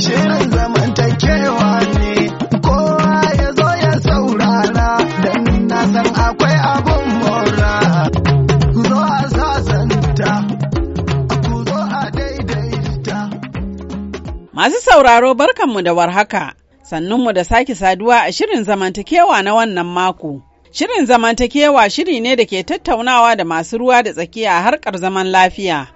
Shirin zamantakewa ne kowa ya ya Masu sauraro barkanmu da warhaka. Sannunmu da sake saduwa a shirin zamantakewa na wannan mako. Shirin zamantakewa shiri ne da ke tattaunawa da masu ruwa da tsakiya a harkar zaman lafiya.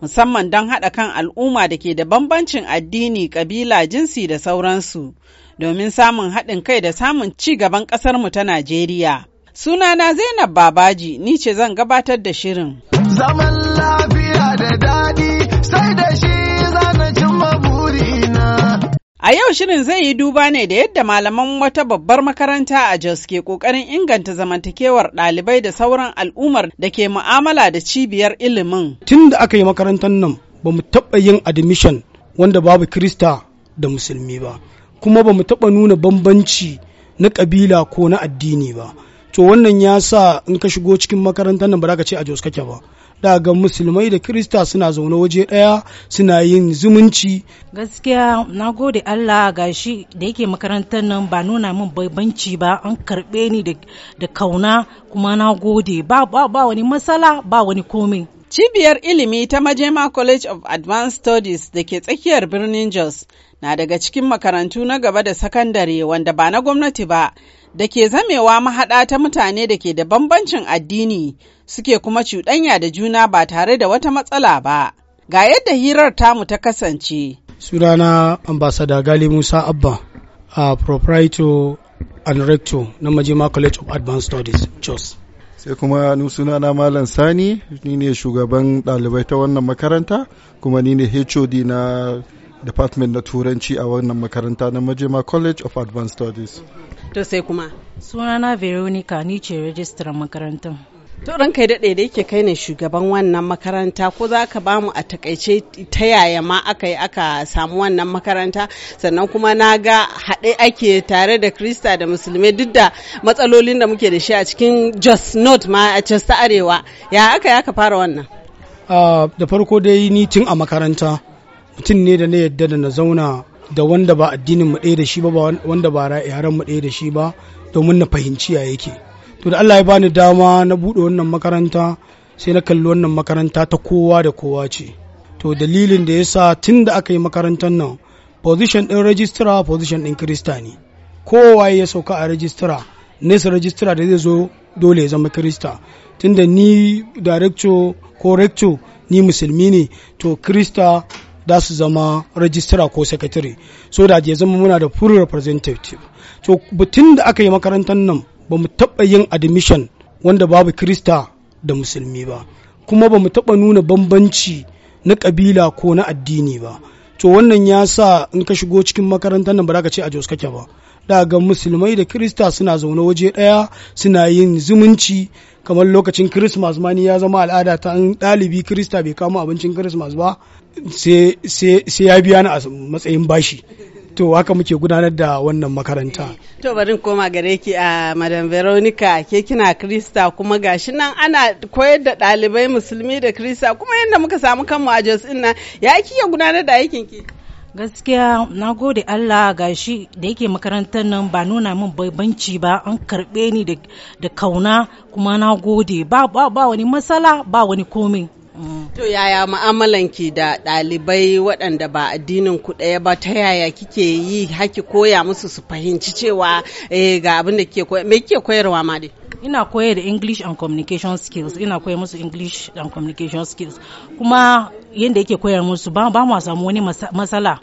musamman don haɗa kan al'umma da ke da bambancin addini, ƙabila, jinsi da sauransu, domin samun haɗin kai da samun ci gaban ƙasarmu ta Najeriya. Sunana Zainab Babaji, ni ce zan gabatar da shirin. Zaman lafiya da daɗi sai da shi zana cimma buri. A yau shirin zai yi duba ne da yadda malaman wata babbar makaranta a Jos ke kokarin inganta zamantakewar ɗalibai da sauran al'ummar da ke mu'amala da cibiyar ilimin. Tun da aka yi makarantar nan ba mu taɓa yin admission wanda babu Krista da Musulmi ba, kuma ba mu taɓa nuna bambanci na ƙabila ko na addini ba. To wannan ya sa in ka shigo cikin makarantar nan ba za ka ce a Jos kake ba. daga musulmai da kirista suna zaune waje daya suna yin zumunci gaskiya na gode allah gashi da yake makarantar nan ba nuna min bambanci ba an karɓe ni da kauna kuma na gode ba wani matsala ba wani komi Cibiyar ilimi ta Majema College of Advanced Studies da ke tsakiyar birnin Jos na daga cikin makarantu na gaba da sakandare wanda ba na gwamnati ba, da ke zamewa mahaɗa ta mutane da ke da bambancin addini suke kuma cuɗanya da juna ba tare da wata matsala ba. Ga yadda hirar tamu ta kasance. Sunana ambasada Gali Musa Abba a proprietor and rector na Majima College of Advanced Studies, Jos. sai kuma ni sunana malam sani ni ne shugaban ɗalibai ta wannan makaranta kuma ni ne hod na department na turanci a wannan makaranta na majema college of advanced studies to sai kuma sunana veronica ni ce rajistar makarantar to kai daɗe da yake kai ne shugaban wannan makaranta ko za ka bamu a takaice ta yaya ma aka yi aka samu wannan makaranta sannan kuma na ga haɗe ake tare da krista da musulmai duk da matsalolin da muke da shi a cikin jos north ma a cesta arewa ya aka yi aka fara wannan ah, da farko dai ni tun a makaranta mutum ne da na yadda da na zauna da wanda ba addinin mu ɗaya da shi ba wanda ba yaran mu ɗaya da shi ba domin na fahimci ya yake to da Allah ya bani dama na buɗe wannan makaranta sai na kalli wannan makaranta ta kowa da kowa ce to dalilin da yasa tun da aka yi makarantar nan position din registrar position ɗin kirista ne kowa ya sauka a rajistira nesa registrar da zai zo dole ya zama kirista tunda ni director ko rector ni musulmi ne to kirista da su zama rajistara ko sakatare so da ya zama muna da full representative to butun da aka yi makarantar nan ba mu taɓa yin admission wanda babu krista da musulmi ba kuma ba mu taɓa nuna bambanci na ƙabila ko na addini ba to wannan ya sa in ka shigo cikin makarantar nan ba za ka ce a jos kake ba da ga musulmai da kirista suna zaune waje daya suna yin zumunci kamar lokacin kirismas ma ni ya zama al'ada ta an dalibi kirista bai kama abincin kirismas ba sai ya biya ni a matsayin bashi to haka muke gudanar da wannan makaranta. To barin koma gare ki a Madam Veronica ke kina Krista kuma gashi nan ana koyar da ɗalibai musulmi da Krista kuma yadda muka samu kanmu a Jos ɗin nan ya kiya gudanar da aikin ki. gaskiya na gode allah ga shi da yake makarantar nan ba nuna min banci ba an karbe ni da kauna kuma na gode ba wani matsala ba wani komai To yaya mu'amalan ki da ɗalibai waɗanda ba addinin ku ɗaya ba ta yaya kike yi haki koya musu su fahimci cewa eh, ga abin da ke koya me kike koyarwa ma dai? Ina koyar da English and communication skills ina koyar musu English and communication skills kuma yadda yake koyar musu ba mu samu wani matsala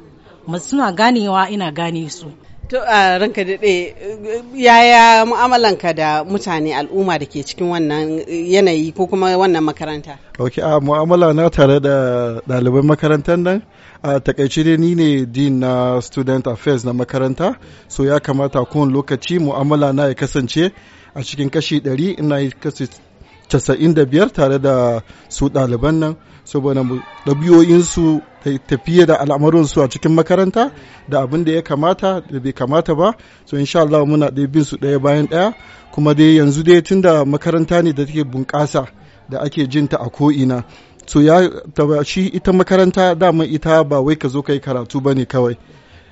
suna ganewa ina gane su. To a ranka daɗe yaya mu'amalanka da mutane al'umma da ke cikin wannan yanayi ko kuma wannan makaranta? Ok, a mu'amala na tare da ɗaliban makarantar nan a takaice dai ni ne din na student affairs na makaranta so ya kamata kowane lokaci mu'amala na ya kasance a cikin kashi ɗari ina yi kashi casa'in da biyar tare da su ɗaliban nan saboda ɗabi'o'insu tafiye da al'amuransu a cikin makaranta da abin da ya kamata da bai kamata ba so insha Allah muna ɗaya bin su ɗaya bayan ɗaya kuma dai yanzu dai tun da makaranta ne da take bunƙasa da ake jinta a ko'ina so ya shi ita makaranta dama ita ba wai ka zo ka yi karatu ba ne kawai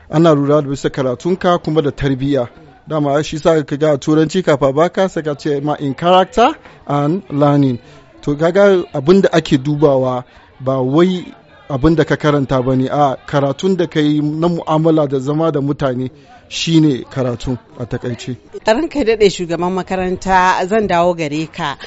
ana rura da bisa karatunka kuma da tarbiyya dama shi sa ka ga turanci kafa baka saka ce ma in character and learning to gaga abin da ake dubawa ba wai abin da ka karanta ba ne a karatun da ka yi na mu'amala da zama da mutane shine karatu a takaice. kai daɗe shugaban makaranta zan dawo gare ka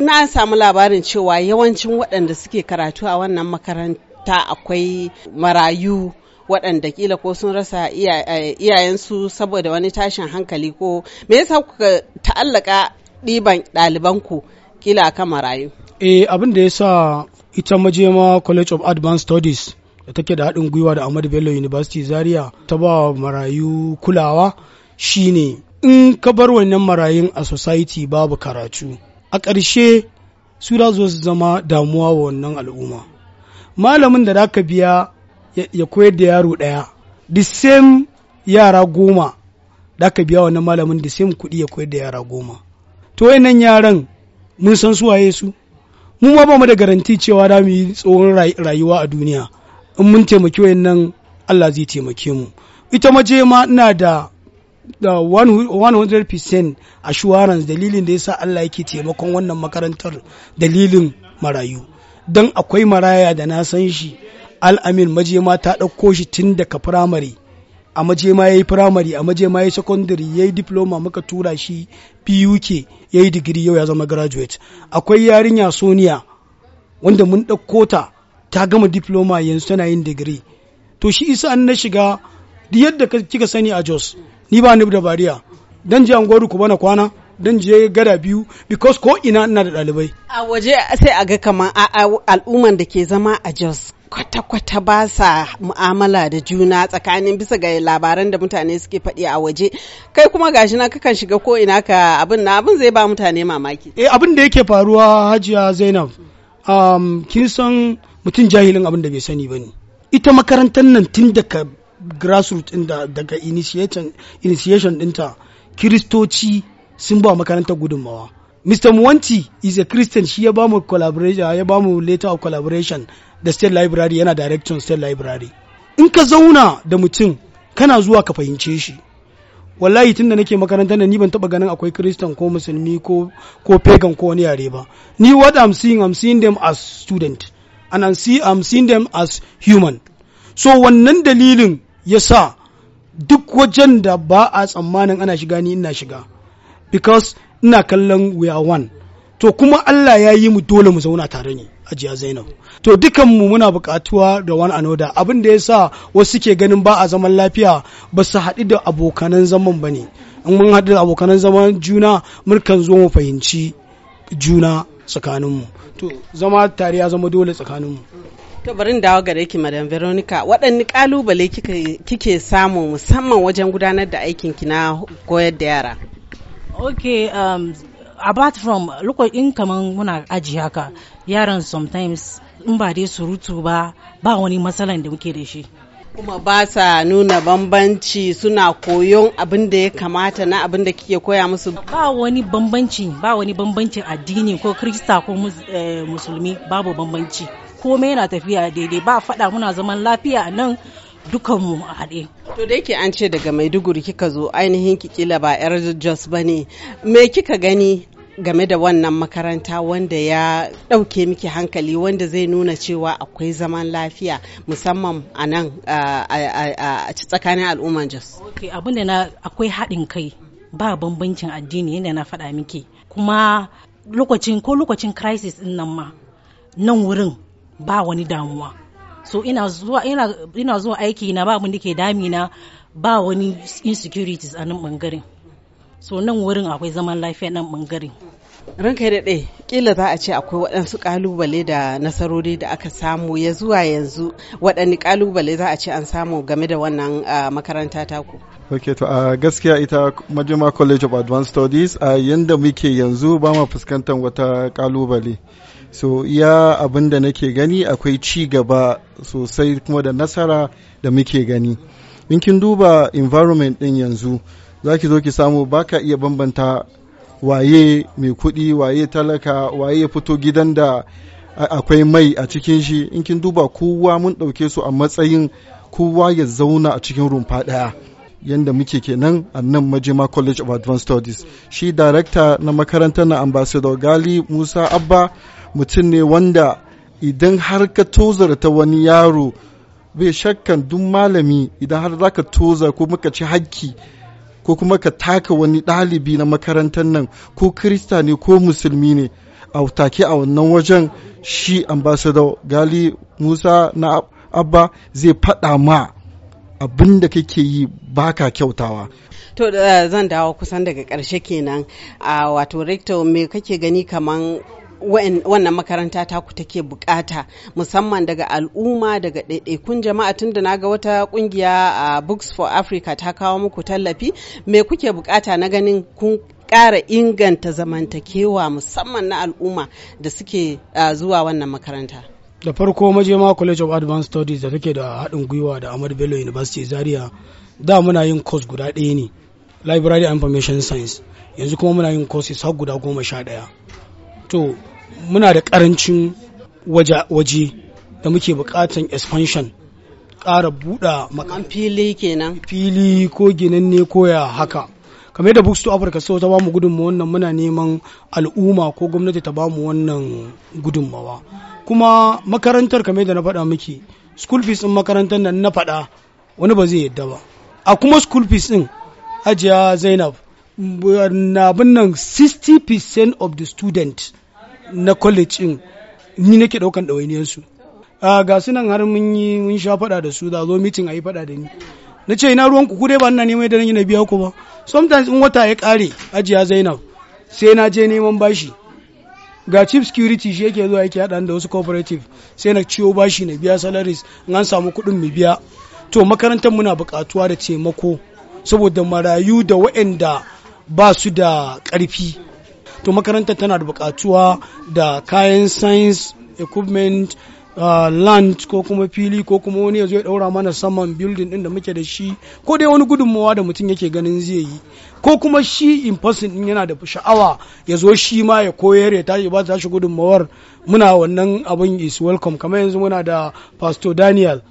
na samu labarin cewa yawancin waɗanda suke karatu a wannan makaranta akwai marayu waɗanda kila ko sun rasa eh, iyayensu saboda wani tashin hankali ko me yasa kuka ta'allaka ɗiban ɗalibanku kila kan marayu eh abin da ya sa ita majema college of advanced studies da take da haɗin gwiwa da ahmadu bello university zaria ta ba marayu kulawa shine in ka bar wannan marayun a society babu karatu a ƙarshe su da zo su zama damuwa wa wannan al'umma malamin da zaka biya ya koyar da yaro ɗaya the same yara goma da ka biya wannan malamin the same kuɗi ya koyar da yara goma to wayannan yaran mun san su waye su mu ma ba mu da garanti cewa da mu yi tsohon rayuwa a duniya in mun taimaki nan Allah zai taimake mu ita maje ma ina da da 100% assurance dalilin da yasa Allah yake taimakon wannan makarantar dalilin marayu don akwai maraya da na san shi al'amin maje ma ta ɗauko shi tun daga firamare a maje ma yayi primary a maje ma yayi secondary yayi diploma muka tura shi PUK yayi digiri yau ya zama graduate akwai yarinya Sonia wanda mun ɗauko ta ta gama diploma yanzu tana yin digiri to shi isa an na shiga duk yadda kika sani a Jos ni ba ni da bariya dan je angoru ku bana kwana dan je gada biyu because ko ina ina da ɗalibai a waje sai a ga kaman al'umman da ke zama a Jos kwata-kwata ba sa mu'amala da juna tsakanin bisa ga labaran da mutane suke faɗi a waje kai kuma gashi na kakan shiga ko ina ka abin na abin zai ba mutane mamaki eh abin da yake faruwa hajiya zainab um, kin san mutum jahilin abin da bai sani ba ne ita makarantar nan tun daga grassroots inda daga initiation dinta kiristoci sun ba makarantar gudunmawa Mr. Mwanti is a Christian shi ya ba mu collaboration ya ba letter of collaboration da state library yana direction state library in ka zauna da mutum kana zuwa ka fahimce shi wallahi tunda nake makaranta da ni ban taba ganin akwai kristan ko musulmi ko ko pagan ko wani yare ba ni what i'm seeing i'm seeing them as student and i'm, see, I'm seeing them as human so wannan dalilin yasa duk wajen da ba a tsammanin ana shiga ni ina shiga because ina kallon we are one to kuma Allah ya yi mu dole mu zauna tare ne ajiya Zainab to dukan mu muna buƙatuwa da wani anoda abin da yasa wasu suke ganin ba a zaman lafiya ba su haɗu da abokanan zaman ne. in mun haɗu da abokanan zaman juna mun kan zo mu fahimci juna tsakaninmu to zama tare ya zama dole tsakaninmu To bari dawo gare ki Madam Veronica waɗanne kalubale kike samu musamman wajen gudanar da aikin ki na koyar da yara? Ok, um, apart from in kaman muna aji haka yaran sometimes in ba dai surutu ba ba wani matsalan da muke da shi kuma ba sa nuna bambanci suna koyon abin da ya kamata na abin da kike koya musu ba wani bambanci ba wani bambancin addini ko krista ko eh, musulmi babu bambanci komai yana tafiya daidai ba faɗa muna zaman lafiya nan dukanmu a haɗe. To da yake an ce daga Maiduguri kika zo ainihin kila ba 'yar Jos ba ne, me kika gani game da wannan makaranta wanda ya ɗauke miki hankali wanda zai nuna cewa akwai zaman lafiya musamman a nan a tsakanin al'umman Jos. Ok, abin na akwai haɗin kai ba bambancin addini yadda na faɗa miki kuma lokacin ko lokacin crisis ɗin nan ma nan wurin ba wani damuwa. so ina zuwa ina ina zuwa aiki na ba abin da damina ba wani insecurities a nan bangaren so nan wurin akwai zaman lafiya nan bangaren ranka daɗe kila za a ce akwai waɗansu kalubale da nasarori da aka samu ya zuwa yanzu waɗanne ƙalubale za a ce an samu game da wannan makaranta taku ok to a gaskiya ita majima college of advanced studies a yanda muke yanzu ba ma fuskantar wata kalubale so iya abin da nake gani akwai ci gaba sosai kuma da nasara da muke gani in kin duba environment din yanzu za ki zo ki samu baka iya bambanta waye mai kuɗi waye talaka waye fito gidan da akwai mai a cikin shi in kin duba kowa mun ɗauke su a matsayin kowa ya zauna a cikin rumfa ɗaya yadda muke kenan a nan majima college of advanced studies shi darakta na makarantar na ambassador gali musa abba mutum ne wanda idan har ka tozara ta wani yaro bai shakkan duk malami idan har za ka toza ko muka ci hakki ko kuma ka taka wani ɗalibi na makarantar nan ko kirista ne ko musulmi ne a take a wannan wajen shi ambassador gali musa na abba zai faɗa ma abin da kake yi baka kyautawa to eh, zan dawo kusan daga karshe kenan a ah, wato rector me kake gani kaman wannan makaranta ta ku take bukata musamman daga al'umma daga ɗaiɗaikun jama'a tun da ga wata kungiya a books for africa ta kawo muku tallafi me kuke bukata na ganin kun ƙara inganta zamantakewa musamman na al'umma da suke zuwa wannan makaranta da farko majema college of advanced studies da take da haɗin gwiwa da ahmad bello university zaria da muna yin course guda ɗaya ne library information science yanzu kuma muna yin courses har guda goma sha ɗaya to muna da karancin waje da muke bukatan expansion ƙara buɗa makan fili kenan fili ko ne ko ya haka kamar da books to africa so ta bamu gudunmu wannan muna neman al'umma ko gwamnati ta bamu wannan gudunmawa kuma makarantar kamar da na faɗa miki school fees din makarantar nan na faɗa wani ba zai yadda ba a kuma school fees din ajiya zainab abin nan 60% of the student na college in ni nake daukan ɗawainiyarsu a ga sunan har mun yi mun sha faɗa da su za zo mitin a yi faɗa da ni na ce ina ruwan ku dai ba ina neman da na biya ku ba sometimes in wata ya kare ajiya zainab sai na je neman bashi ga chief security shi yake zuwa yake haɗa da wasu cooperative sai na ciwo bashi na biya salaries in an samu kuɗin mu biya to makarantar muna buƙatuwa da taimako saboda marayu da waɗanda ba su da ƙarfi to makaranta tana da buƙatuwa da kayan science equipment Uh, land ko kuma fili ko kuma wani ya zo ya daura mana saman building ɗin da muke da shi ko dai wani gudunmawa da mutum yake ganin zai yi ko kuma shi in person din yana da sha'awa ya zo shi ma ya koyar ya tashi ba ta shi gudunmawar muna wannan abin is welcome kamar yanzu muna da pastor daniel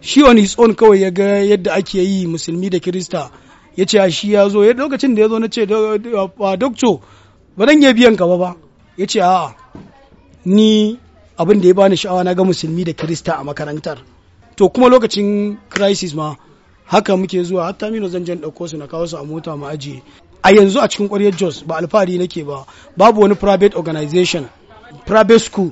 shi wani his kawai ya ga yadda ake yi musulmi da kirista ya ce ah, shi ya zo lokacin da ya zo na ce dokto ba dan iya biyan ka ba ba ya ce a'a ni abin da ya bani sha'awa na ga musulmi da kirista a makarantar to kuma lokacin crisis ma haka muke zuwa hatta mino zan jan ɗauko su na kawo su a mota mu ajiye a yanzu a cikin ƙwaryar jos ba alfahari nake ba babu wani private organization private school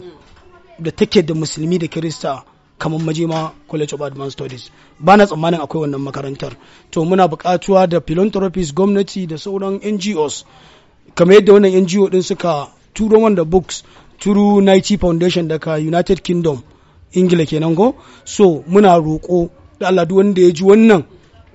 da take da musulmi da kirista kamar majima college of advanced studies ba na tsammanin akwai wannan makarantar to muna buƙatuwa da philanthropies gwamnati da sauran ngos kamar yadda wannan ngo din suka turo wanda books turu Nike foundation daga united kingdom ingila kenan ko so muna roƙo da aladu wanda ya ji wannan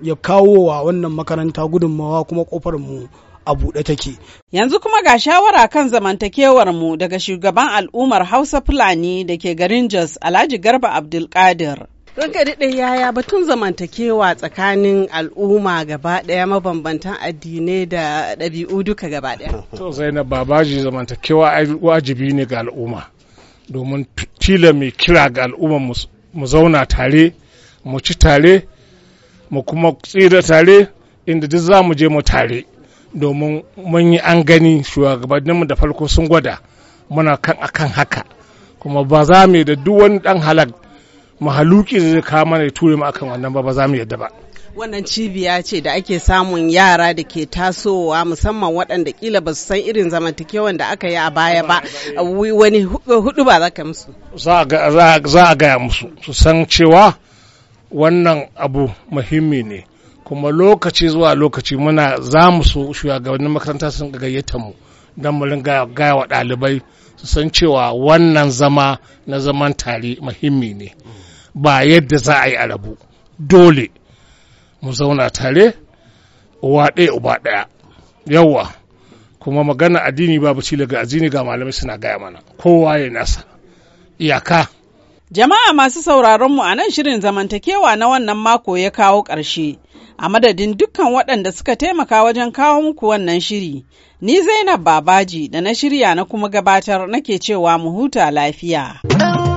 ya kawo wa wannan makaranta gudunmawa kuma kofar mu a buɗe take. Yanzu kuma ga shawara kan zamantakewar mu daga shugaban al'ummar Hausa Fulani da ke garin Jos Alhaji Garba Abdulkadir. ranka daɗe yaya batun zamantakewa tsakanin al'umma gaba ɗaya mabambantan addinai da ɗabi'u duka gaba ɗaya. to zainab babaji zamantakewa wajibi ne ga al'umma domin tila mai kira ga al'umma mu zauna tare mu ci tare mu kuma tsira tare inda duk za mu je mu tare domin mun yi an gani shugabanninmu da farko sun gwada muna kan akan haka kuma ba za mu da duk wani dan halak mahaluki da zai kawo mana ya ture mu akan wannan ba ba za mu yadda ba wannan cibiya ce da ake samun yara da ke tasowa musamman waɗanda kila ba su san irin zamantakewan da aka yi a baya ba wani hudu ba za ka musu za a gaya musu su san cewa wannan abu muhimmi ne kuma lokaci zuwa lokaci muna za mu so shugabannin makaranta sun gayyata mu don mu ringa gaya wa ɗalibai su san cewa wannan zama na zaman tare muhimmi ne ba yadda za a yi a dole mu zauna tare uwa ɗaya uba ɗaya yawa kuma magana addini babu ci daga addini ga malamai suna gaya mana kowa ya nasa iyaka Jama'a masu sauraronmu a nan shirin zamantakewa na wannan mako ya kawo ƙarshe. A madadin dukkan waɗanda suka taimaka wajen kawo muku wannan shiri, ni Zainab Babaji da na shirya na kuma gabatar nake cewa mu huta lafiya.